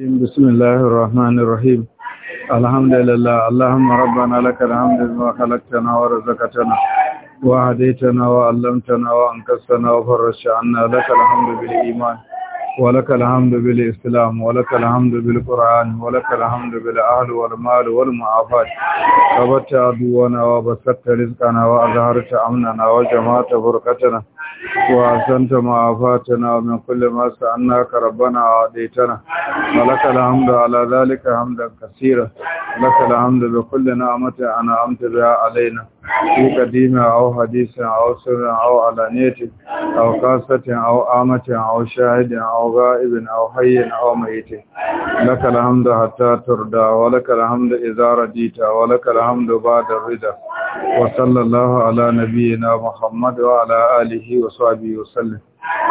بسم الله الرحمن الرحيم الحمد لله اللهم ربنا لك الحمد لما خلقتنا ورزقتنا وهديتنا وعلمتنا وانقذتنا وفرجت عنا لك الحمد بالايمان ولك الحمد بالإسلام ولك الحمد بالقرآن ولك الحمد بالأهل والمال والمعافات ثبت عدونا وبسطت رزقنا وأظهرت أمننا وجمعت فرقتنا وأحسنت ما عافاتنا ومن كل ما سألناك ربنا وعديتنا ولك الحمد على ذلك حمدا كثيرا لك الحمد بكل نعمة أنا أمت بها علينا في قديم أو حديث أو سر أو علانية أو قاسة أو آمة أو شاهد أو غائب أو حي أو ميت لك الحمد حتى تردى ولك الحمد إذا رديت ولك الحمد بعد الرضا وصلى الله على نبينا محمد وعلى آله آله وصحبه وسلم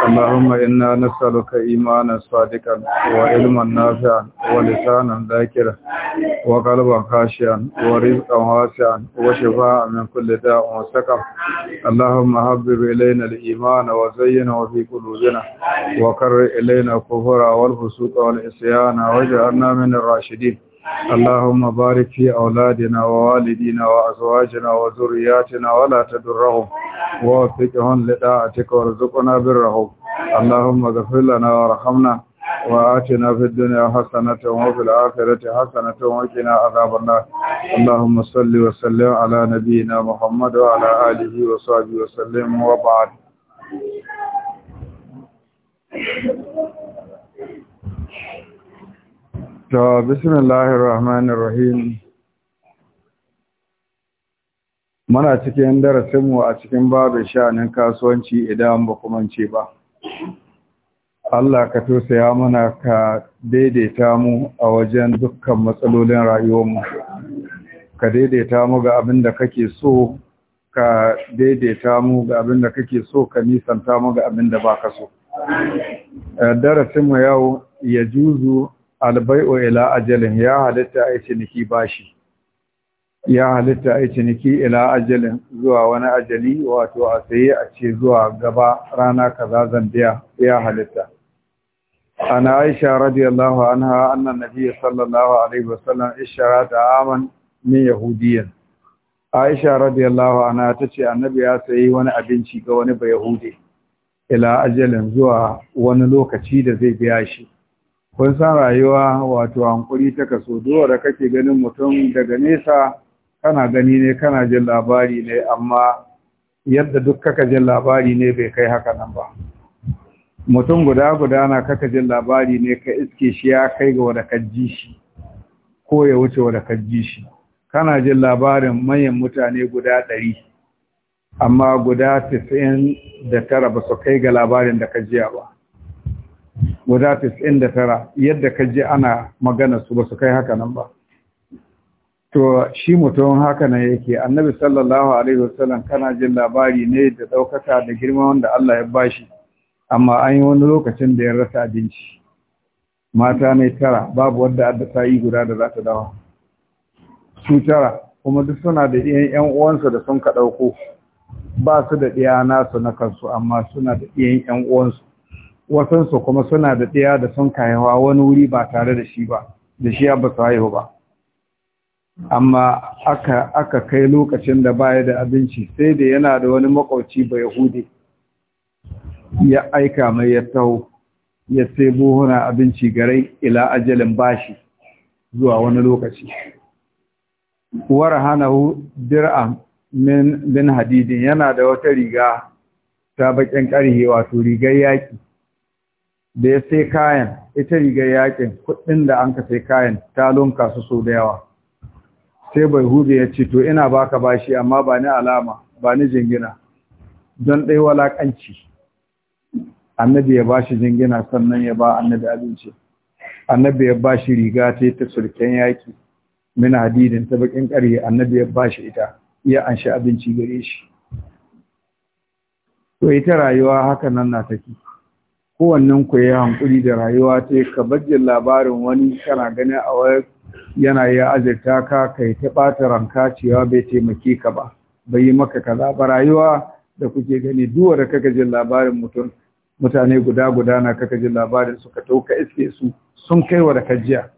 اللهم إنا نسألك إيمانا صادقا وعلما نافعا ولسانا ذاكرا وقلبا خاشعا ورزقا واسعا وشفاء من كل داء وسقم اللهم حبب إلينا الإيمان وزينه في قلوبنا وكر إلينا الكفر والفسوق والعصيان واجعلنا من الراشدين اللهم بارك في أولادنا ووالدينا وأزواجنا وذرياتنا ولا تدرهم ووفقهم لطاعتك وارزقنا برهم اللهم اغفر لنا وارحمنا وآتنا في الدنيا حسنة وفي الآخرة حسنة وقنا عذاب النار اللهم صل وسلم على نبينا محمد وعلى آله وصحبه وسلم وبعد To, bismillahirrahmanirrahim. Muna cikin darasinmu a cikin babin sha'anin kasuwanci idan ba ce ba. Allah ka ya mana ka daidaita mu a wajen dukkan matsalolin rayuwarmu. Ka daidaita mu ga abin da kake so, ka daidaita mu ga abin da kake so, ka nisanta mu ga abin da ba ka so. Eh, darasinmu yau ya juzu albai'u ila ajalin ya halitta a ciniki bashi ya halitta a ciniki ila ajalin zuwa wani ajali wato a tsaye a ce zuwa gaba rana kaza zan ya halitta an aisha radiyallahu anha annan nabi sallallahu alaihi wasallam ishara da aman min yahudiyan aisha radiyallahu anha tace annabi ya sayi wani abinci ga wani yahudi ila ajalin zuwa wani lokaci da zai biya shi kun san rayuwa wato hankuri ta kaso duwa da kake ganin mutum daga nesa kana gani ne kana jin labari ne amma yadda duk kaka jin labari ne bai kai haka nan ba mutum guda guda na kaka jin labari ne ka iske shi ya kai ga wadda kajji shi ko ya wuce wadda kajji shi kana jin labarin manyan mutane guda ɗari amma guda tasirin da tara ba su kai ga labarin da ka jiya ba guda tara. yadda ka ji ana maganarsu su ba su kai haka nan ba to shi mutum haka nan yake annabi sallallahu alaihi wasallam kana jin labari ne da ɗaukaka da girma wanda Allah ya bashi amma an yi wani lokacin da ya rasa abinci mata ne tara babu wanda adda ta yi guda da za ta dawo su tara kuma duk suna da iya yan uwansu da sun ka ɗauko, ba su da iya nasu na kansu amma suna da iya yan uwansu wasansu kuma suna da ɗaya da sun kayawa wani wuri ba tare da shi ba da shi ba su haihu ba amma aka, kai lokacin da baya da abinci sai da yana da wani makwauci ba yahudi ya aika mai ya tau ya sai buhuna abinci garai ila ajalin bashi zuwa wani lokaci hu, dir'am min bin hadidin yana da wata riga ta bakin karhe wato rigar yaƙi. da ya sai kayan ita rigar yakin kuɗin da an ka sai kayan ta lonka su so da yawa sai bai hudu ya ce to ina baka bashi amma ba ni alama ba ni jingina don ɗai walakanci annabi ya bashi jingina sannan ya ba annabi abinci annabi ya bashi riga ta ta surken yaƙi Muna hadidin ta bakin ƙarye annabi ya bashi ita ya anshi abinci gare shi to ita rayuwa haka nan na take kowannen ku ya hankuri da rayuwa ta ka bajje labarin wani kana gani a wayar yana ya azirta ka kai ta ɓata ranka cewa bai taimake ka ba bai yi maka kaza ba rayuwa da kuke gani duwa da kaka jin labarin mutum mutane guda guda na kaka jin labarin suka tauka iske su sun kai wa da kajiya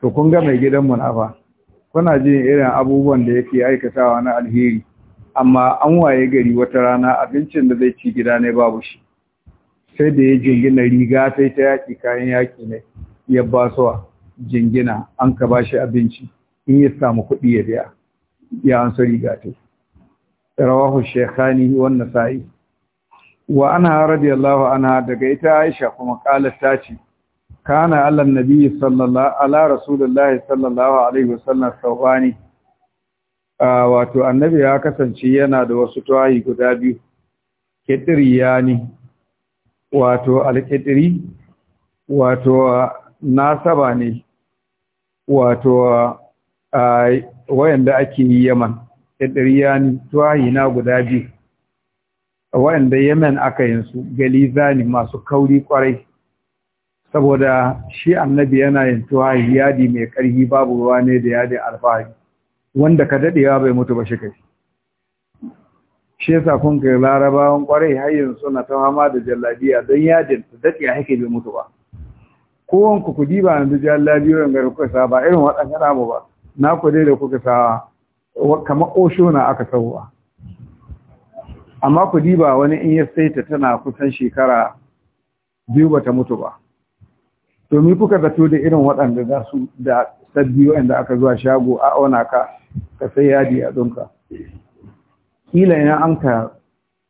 to kun ga mai gidan mu na ba kuna jin irin abubuwan da yake aikatawa na alheri amma an waye gari wata rana abincin da zai ci gida ne babu shi sai da ya jingina riga sai ta yaƙi kayan yaƙi ne ya ba suwa jingina an ka ba shi abinci in ya samu kuɗi ya biya ya an so riga ta rawahu shekhani wannan sa'i wa ana radiyallahu ana, daga ita Aisha kuma qalat ta ce kana allan nabi sallallahu ala rasulullahi sallallahu alaihi wasallam sawani wato annabi ya kasance yana da wasu tawayi guda biyu kitriyani wato alƙidiri wato nasaba ne wato wayanda ake yi yaman ya tuwayi tuwahina guda biyu wayanda yaman aka yin su galizani masu kauri kwarai saboda shi annabi yana yin tuwayi, yadi mai ƙarfi babu ruwa ne da yadin alfahari wanda ka daɗewa bai mutu ba shi kai shi yasa kun ga larabawan kwarai har yanzu na ta fama da jallabiya don yajin su daɗi a hake bai mutu ba kowan ku kudi ba yanzu jallabiyoyin ga kuka sa ba irin na mu ba na ku dai da kuka sa kama osho na aka sauwa amma ku diba wani in ya ta tana kusan shekara biyu bata mutu ba domin kuka zato da irin waɗanda za su da sabbi wa'anda aka zuwa shago a auna ka ka sai yadi a ɗunka kila ina an ka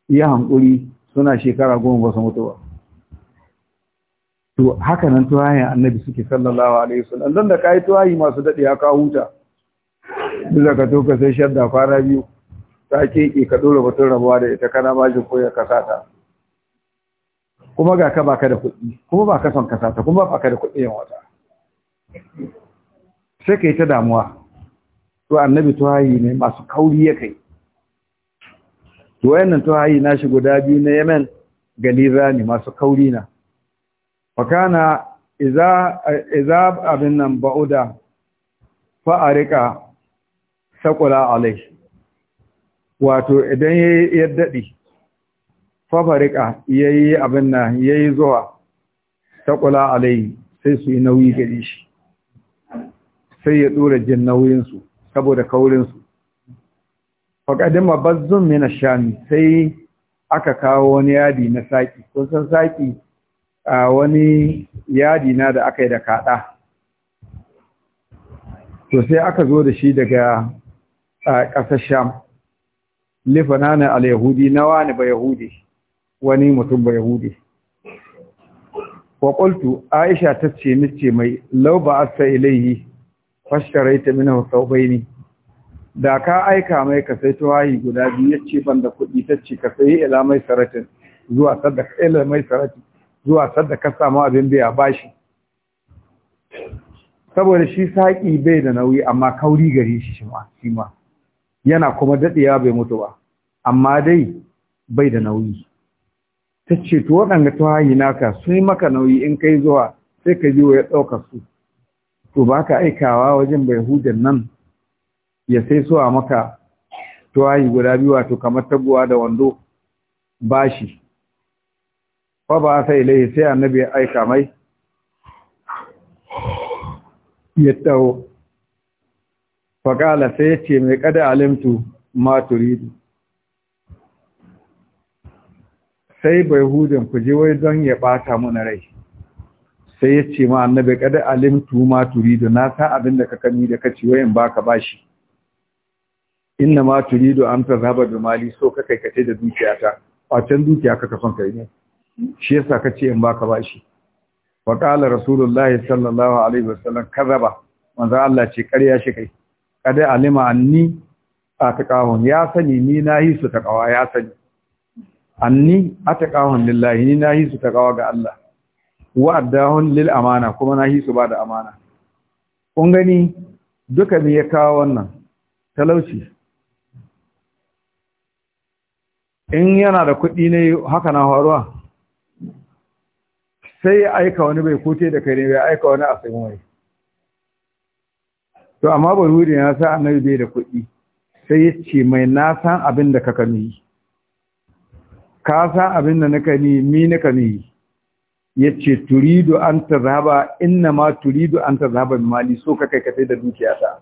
yi hankuri suna shekara goma ba su mutuwa. to haka nan tuwayen annabi suke sallallahu alaihi wasallam don da ka yi tuwayi masu daɗe ya kawo huta duk da ka to ka sai shadda fara biyu ta keke ka ɗora batun rabuwa da ita kana majin koya kasata kuma ga ka baka da kuɗi kuma ba ka son kasata kuma ba ka da kuɗi yin wata sai ka yi ta damuwa to annabi tuwayi ne masu kauri ya kai to wayannan tuhayi shi guda biyu na Yemen galiza ne masu kauri na fakana iza iza abin nan ba'uda fa arika sakula alai wato idan ya daɗi fa farika yayi abin nan ya zuwa sakula alai sai su yi nauyi gari shi sai ya ɗora jin nauyinsu saboda kaurinsu faƙadima bazzun mina shami sai aka kawo wani yadi na saƙi kusan saƙi a wani yadi na da aka yi da kaɗa to sai aka zo da shi daga ƙasar sham lifanana al-yahudi na wani ba yahudi wani mutum ba yahudi waƙultu aisha tace ce mai law ba asa ilayhi fasharaita minhu ne. da ka aika mai ka sai tawayi guda biyu ya ce ban da kuɗi ta ce ka sai ila mai saratin zuwa sadda ila mai saratin zuwa sadda ka samu abin biya bashi saboda shi saƙi bai da nauyi amma kauri gare shi shi ma yana kuma daɗewa bai mutu ba amma dai bai da nauyi ta ce to waɗanda tawahi naka sai maka nauyi in kai zuwa sai ka ji ya ɗauka su to ba ka aikawa wajen bai hudan nan ya sai a maka tuwayi guda biyu wato kamar taguwa da wando bashi fa ba sai laifin sai annabi ya aika mai ya taho faƙala sai ya ce mai ƙada alimtu ma turidu sai bai hudun ku je wai don ya ɓata mana rai sai ya ce ma annabi ƙada alimtu ma turidu na sa abin da ka kani da ka ci wayan baka bashi inna ma turidu an zaba da mali so ka kai kace da dukiyata can dukiya kaka son kai ne shi yasa kace in baka bashi wa qala rasulullahi sallallahu alaihi wasallam kazaba manzo Allah ce ƙarya shi kai kada alima anni ataqahun ya sani ni na yi su ta kawa ya sani anni ataqahun lillahi ni na yi su ta kawa ga Allah wa addahun lil amana kuma na yi su bada amana kun gani duka me ya kawo wannan talauci in yana da kuɗi ne haka na faruwa sai ya aika wani bai kute da kai ne bai aika wani a sai wai to amma bai wuri ya sa annabi bai da kuɗi sai ya ce mai na san abin da ka yi. ka san abin da na yi mi na yi? ya ce turidu an ta zaba inna ma turidu an ta zaba mali so ka kai ka sai da dukiyata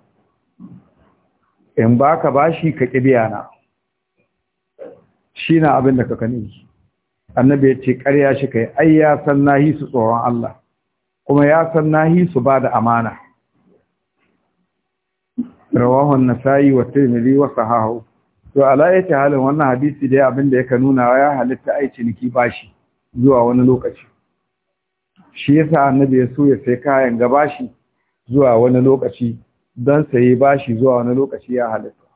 in ba ka bashi ka ƙi biya na shi na abin da kaka ne annabi ya ce ƙarya shi kai ai ya san nahi su tsoron Allah kuma ya san nahi su ba da amana rawahu an-nasa'i wa tirmidhi wa sahahu to ala ce halin wannan hadisi dai abin da yake nuna wa ya halitta ai ciniki bashi zuwa wani lokaci shi yasa annabi ya so ya sai kayan gabashi zuwa wani lokaci don sayi bashi zuwa wani lokaci ya halitta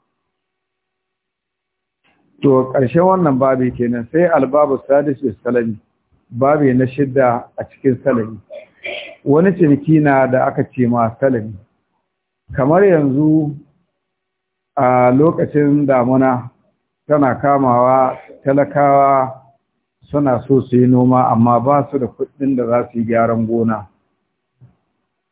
to ƙarshen wannan babi kenan sai albabu sadis bis salami babi na shidda a cikin salami wani ciniki na da aka ce ma salami kamar yanzu a lokacin damuna tana kamawa talakawa suna so su yi noma amma ba su da kuɗin da za su yi gyaran gona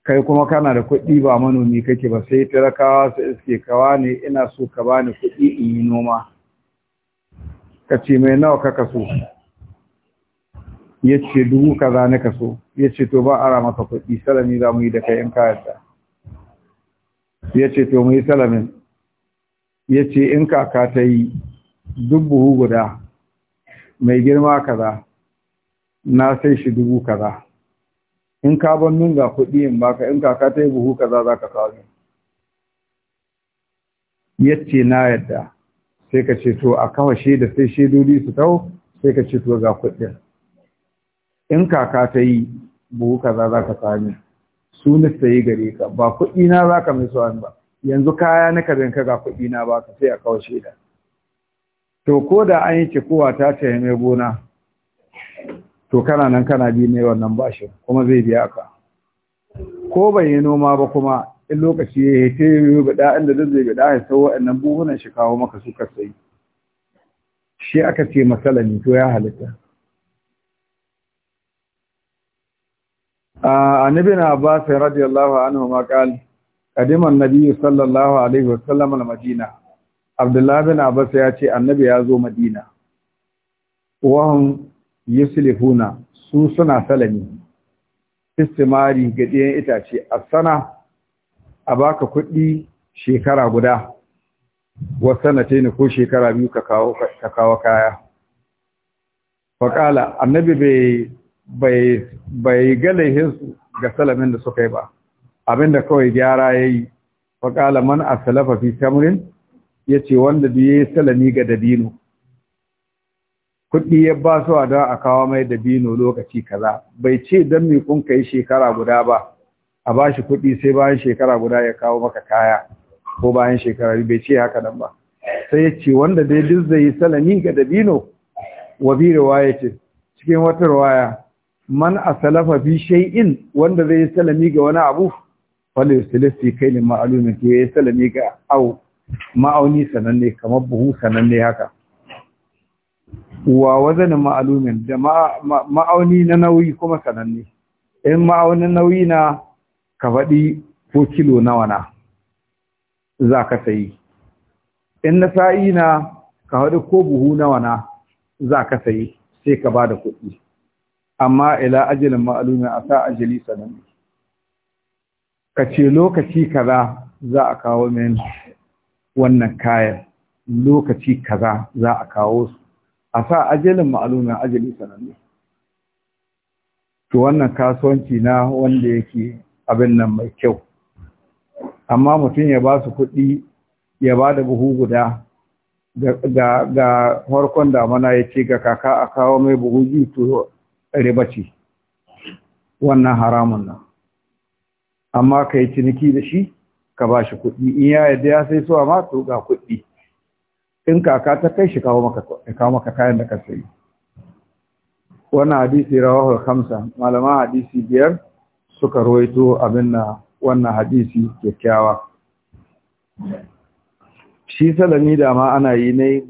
kai kuma kana da kuɗi ba manomi kake ba sai talakawa su iske kawa ne ina so ka bani kuɗi in yi noma ka ce mai nawa ka kaso ya ce dubu kaza ni kaso ya ce to ba ara maka kuɗi salami za mu yi da kayan kayanta ya ce to mu yi salamin ya ce in kaka ta yi dubu guda mai girma kaza na sai shi dubu kaza in ka ban min ga kuɗi in baka in kaka ta yi buhu kaza za ka kawo ya ce na yadda sai ka ce to a kawo da sai shaidodi su tau sai ka ce to ga kuɗin in kaka ta yi buhu kaza za ka sami su na sayi gare ka ba kuɗi na za ka mai suwan ba yanzu kaya na ka zanka ga kuɗi na ba ka sai a kawo da. to ko da an yi cikowa ta ce mai gona to kana nan kana bi mai wannan bashin kuma zai biya ka ko bai yi noma ba kuma in lokaci ya yi ta yi gada inda duk zai gada ya sau waɗannan buhunan shi kawo maka su ka shi aka ce ne to ya halitta a ba sai radiyallahu anhu ma qala qadima an-nabi sallallahu alaihi wasallam al-madina abdullahi bin abbas ya ce annabi ya zo madina wahum yuslifuna su suna salami istimari ga itace a sana a baka kuɗi shekara guda wasu ne ko shekara biyu ka kawo kaya faƙala annabi bai ga ga salamin da suka yi ba abinda kawai gyara ya yi faƙala man a salafa fi tamrin ya ce wanda biye salami ga dabino kuɗi ya ba su a don a kawo mai dabino lokaci kaza bai ce don mai kun yi shekara guda ba a ba shi kuɗi sai bayan shekara guda ya kawo maka kaya ko bayan shekara bai ce haka nan ba sai ya ce wanda dai duk zai yi salami ga dabino wa bi riwaya ce cikin wata riwaya man asalafa bi shay'in wanda zai yi salami ga wani abu kai ne kailin ma'lumin ya yi salami ga au ma'auni sananne kamar buhu sananne haka wa wazan ma'lumin da ma'auni na nauyi kuma sananne in ma'aunin nauyi na ka faɗi ko kilo nawa na za ka sayi in na sa'i na ka faɗi ko buhu nawa na za ka sayi sai ka ba da kuɗi amma ila ajalin ma'alumi a sa ajali sanan ka ce lokaci kaza za a kawo min wannan kayan lokaci kaza za a kawo su a sa ajalin ma'alumin ajali sanannu to wannan kasuwanci na wanda yake abin nan mai kyau amma mutum ya ba su kuɗi ya ba da buhu guda ga farkon damana ya ce ga kaka a kawo mai buhu biyu to riba ce wannan haramun nan amma ka yi ciniki da shi ka ba shi kuɗi in ya yadda ya sai suwa masu ga kuɗi in kaka ta kai shi kawo maka kayan da ka sayi wannan hadisi rawahul hamsa malaman hadisi biyar suka roito abin na wannan hadisi kyakkyawa shi salami da ma ana yi ne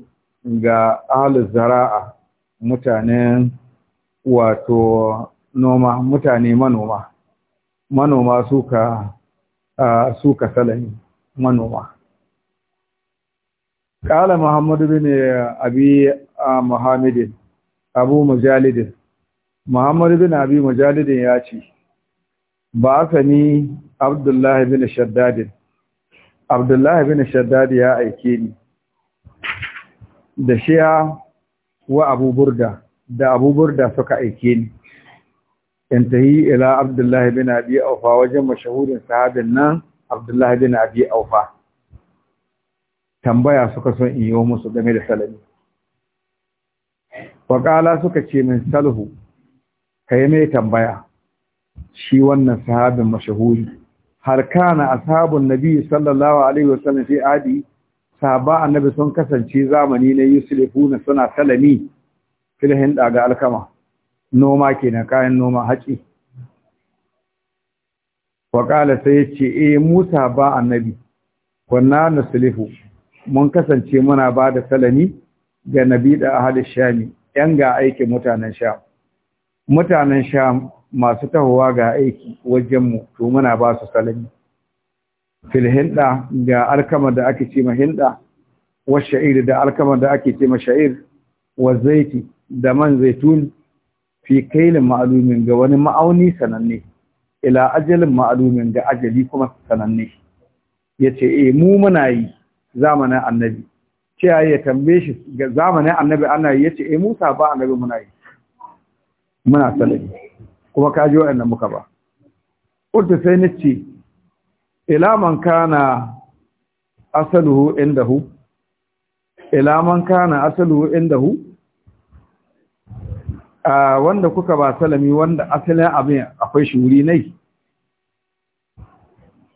ga ahalus zara'a mutanen wato noma mutane manoma manoma suka suka salami manoma قال محمد بن أبي abu أبو Muhammadu bin abi أبي ya ce, ba ni abdullahi bin shaddadin abdullahi bin shaddadi ya aike ni da shiya wa abu burda da abu burda suka aike ni in tahi ila abdullahi bin abi aufa wajen mashahurin sahabin nan abdullahi bin abi aufa tambaya suka son in yi wa musu game da salami waƙala suka ce min salhu ka yi mai tambaya shi wannan sahabin mashahuri har kana ashabun nabi sallallahu alaihi wasallam fi adi sahaba annabi sun kasance zamani na yuslifuna suna salami filhin daga alkama noma kenan kayan noma haƙi wa qala sai yace eh musa ba annabi kunna nuslifu mun kasance muna ba da salami ga nabi da ahli shami yan ga aikin mutanen sham mutanen sham masu tahowa ga aiki wajenmu to muna ba su salami fil hinda ga alkama da ake ce ma hinda wa sha'ir da alkama da ake ce ma sha'ir wa zaiti da man zaitun fi kailin ma'alumin ga wani ma'auni sananne ila ajalin ma'alumin ga ajali kuma sananne Ya ce e mu muna yi zamanin annabi ce ya tambaye shi ga zamanin annabi ana yace eh Musa ba annabi muna yi muna salabi kuma ka ji waɗannan muka ba ƙulta sai ni ce ilaman kana asaluhu indahu ilaman kana asaluhu indahu hu? wanda kuka ba salami wanda asalin abin akwai shuri wuri nai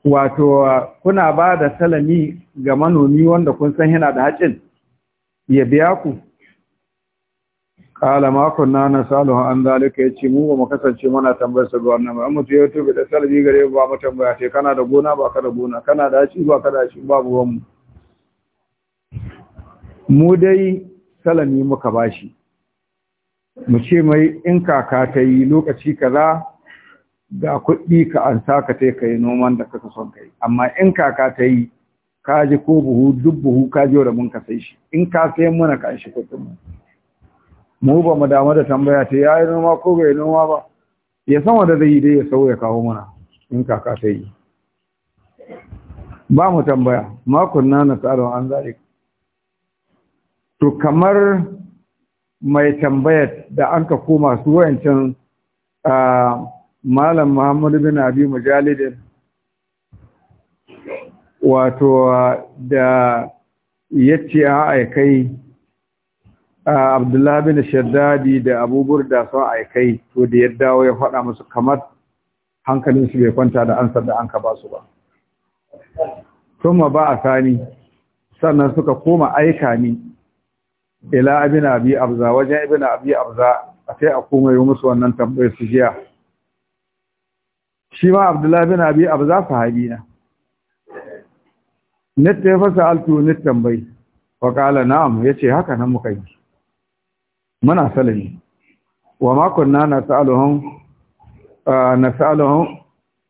wato kuna ba da salami ga manomi wanda kun san yana da haƙin ya biya ku kala makon na na salu an zalika ya ce mu ba mu kasance muna tambayar su ruwan nan ba mu youtube da salbi gare ba mu tambaya ce kana da gona ba ka da gona kana da ci ba ka da ci ba ban mu mu dai salami muka bashi mu ce mai in kaka ta yi lokaci kaza da kuɗi ka an saka ka kai noman da kaka son kai amma in kaka ta yi ka ji ko buhu duk buhu ka ji da mun ka sai shi in ka sai muna ka shi kuɗin mu mu ba mu damu da tambaya ta ya yi noma ko bai noma ba ya san wanda zai yi dai ya sau ya kawo mana in kaka ta yi ba mu tambaya makon na na tsarin an zari to kamar mai tambayar da an ka koma su wayancan malam muhammadu bin abi mujalidin wato da ya ce a aikai Ah, abdullahi bin shaddadi da abubuwar da sun kai, to da ya dawo ya faɗa musu kamar hankalin su bai kwanta da ansar da an ka ba su ba tun ma ba a sani sannan suka koma aika ni ila abin abi abza wajen ibn abi abza a sai a koma yi musu wannan tambayar su jiya shi ma abdullahi bin abi abza sahabi na nitta ya fasa altu nitta bai wa ƙala na'am ce haka nan muka yi muna salami wa makon na na sa'aluhun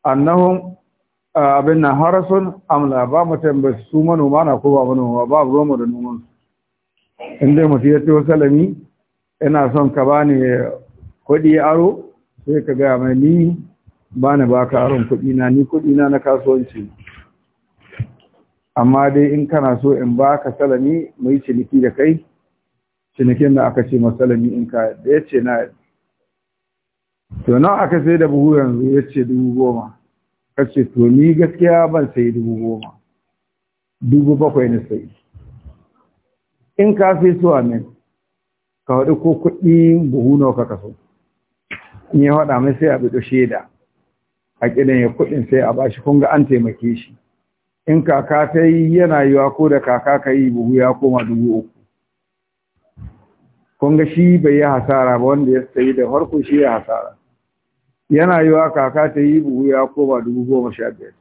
annahun abin na harasun amla ba mu su manoma na ko ba manoma ba ruwanmu da nomansu inda mutu ya ciwo salami ina son ka bani ni kuɗi aro sai ka gaya mai ni ba ni ba ka aron kudi na ni kudi na na kasuwanci amma dai in kana so in baka ka salami mai ciniki da kai cinikin da aka ce masalami in ka da ya ce na yadda to nan aka sai da buhu yanzu ya ce dubu goma ka ce to ni gaskiya ban sai dubu goma dubu bakwai na sai in ka sai so min, ka haɗu ko kuɗi buhu nawa ka kaso in ya haɗa mai sai a bi shaida a ƙidan ya kuɗin sai a bashi kun ga an taimake shi in kaka ta yi yana yiwa ko da kaka ka yi buhu ya koma dubu uku kun ga shi bai yi hasara ba wanda ya sayi da farko shi ya hasara yana yi wa kaka ta yi buhu ya koma dubu goma sha biyar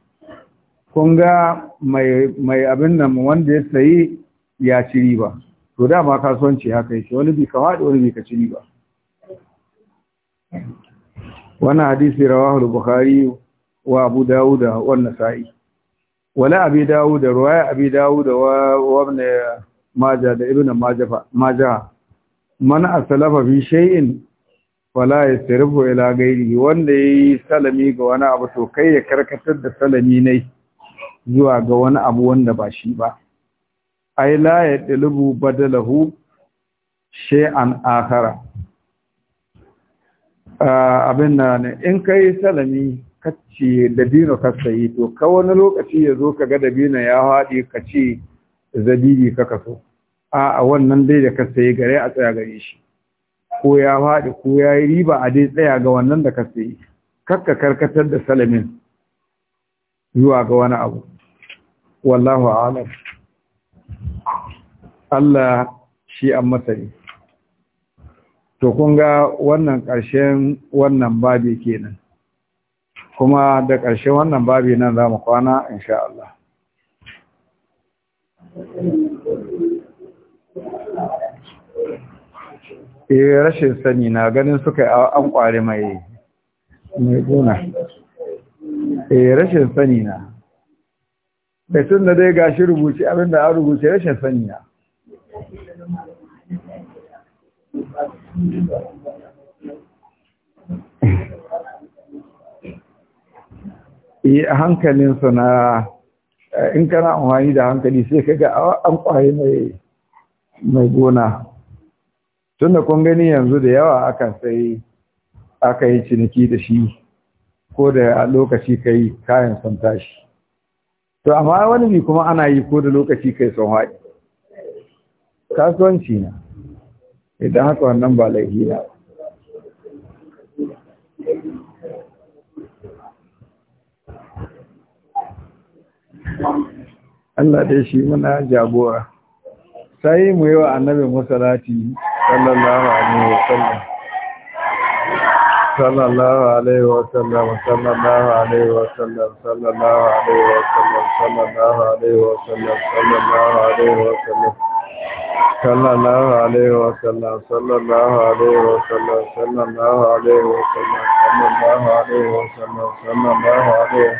kun ga mai abin nan wanda ya sayi ya ci riba to dama kasuwanci haka yake wani bi ka faɗi wani bi ka ci riba wannan hadisi rawahu bukhari wa abu dawuda wa nasa'i wala abi dawuda ruwaya abi dawuda wa ibn majah da ibn majah majah man asalafa bi shay'in wala yasrifu ila ghairihi wanda yayi salami ga wani abu to kai ya karkatar da salami ne zuwa ga wani abu wanda ba shi ba ai la yadlubu badalahu shay'an akhara abin nan in kai salami kacce dabino ka sayi to ka wani lokaci ya zo ka ga dabino ya haɗe ka ce zabibi ka kaso A'a, wannan dai da ka sayi gare a tsaya gare shi ko ya faɗi ko ya yi riba a dai tsaya ga wannan da ka sayi kakka karkatar da salamin zuwa ga wani abu wallahu a'lam Allah shi an matsayi. to kun ga wannan ƙarshen wannan babi kenan kuma da ƙarshen wannan babi nan za mu kwana insha Allah eh rashin sani na ganin suka an kware mai mai gona eh rashin sani na da tun da dai gashi rubuce abinda an rubuce rashin sani na yi a su na eh, in kana amfani da hankali sai kaga an mai mai gona tunda kun gani yanzu da yawa akan sai aka yi ciniki da shi ko da a lokaci kai kayan sun tashi to amma wani bi kuma ana yi ko da lokaci kai sun haɗi kasuwanci na idan haka wannan ba laifi na Allah dai shi muna jagora sai mu yi wa annabi musalati sallallahu alaihi sallallahu alaihi sallallahu alaihi sallallahu alaihi sallallahu alaihi sallallahu alaihi sallallahu alaihi sallallahu alaihi sallallahu alaihi sallallahu alaihi sallallahu alaihi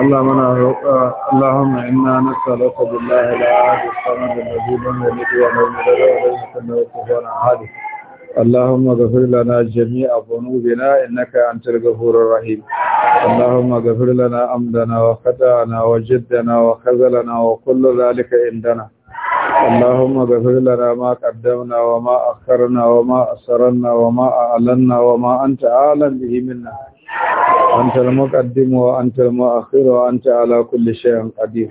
اللهم انا اللهم انا نسالك بالله العهد الصمد الذي لم يلد ولم يولد ولم يكن له كفوا احد اللهم اغفر لنا جميع ذنوبنا انك انت الغفور الرحيم اللهم اغفر لنا امدنا وخطانا وجدنا وخذلنا وكل ذلك عندنا اللهم اغفر لنا ما قدمنا وما اخرنا وما اسررنا وما اعلنا وما انت اعلم به منا أنت المقدم وأنت المؤخر وأنت على كل شيء قدير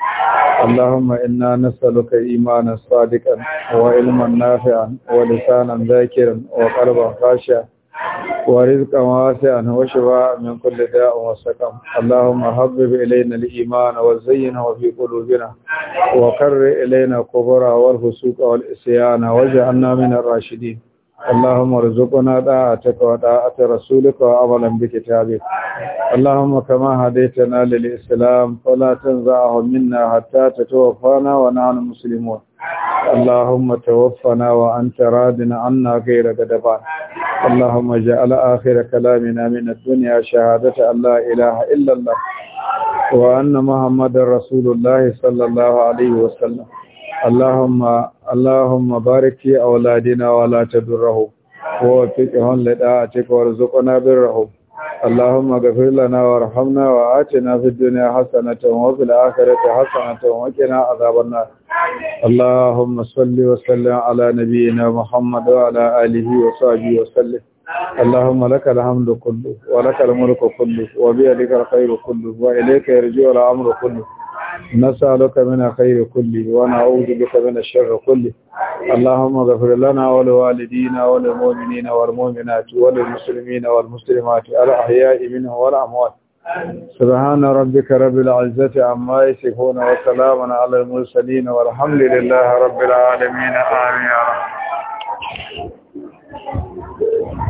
اللهم إنا نسألك إيمانا صادقا وعلما نافعا ولسانا ذاكرا وقلبا خاشعا ورزقا واسعا وشفاء من كل داء وسقم اللهم حبب إلينا الإيمان وزينه في قلوبنا وقر إلينا الكفر والفسوق والعصيان واجعلنا من الراشدين اللهم ارزقنا طاعتك وطاعة رسولك وعملا بكتابك اللهم كما هديتنا للإسلام فلا تنزعه منا حتى تتوفانا ونحن مسلمون اللهم توفنا وأنت راد عنا غير غدبان اللهم اجعل آخر كلامنا من الدنيا شهادة أن لا إله إلا الله وأن محمدا رسول الله صلى الله عليه وسلم Allahumma bariki a waladina wa latadun rahu, ko wa fiƙi hon laɗa a cikawar zuƙo bin rahu. Allahumma gafi lana wa rahamna wa ace na fi duniya hasanatun wa fi la'akarata hasanatun wa kina a zaɓar na. Allahumma salli wa sallin ala nabi na Muhammad ala alihi wa sabi wa salli. Allahumma laka alhamdu kullu wa laka almulku kullu wa biya dikar khairu kullu wa ilayka yarji'u al-amru kullu. نسألك من خير كله ونعوذ بك من الشر كله اللهم اغفر لنا ولوالدينا والمؤمنين والمؤمنات وللمسلمين والمسلمات الأحياء منه والأموات سبحان ربك رب العزة عما يسفون وسلام على المرسلين والحمد لله رب العالمين آمين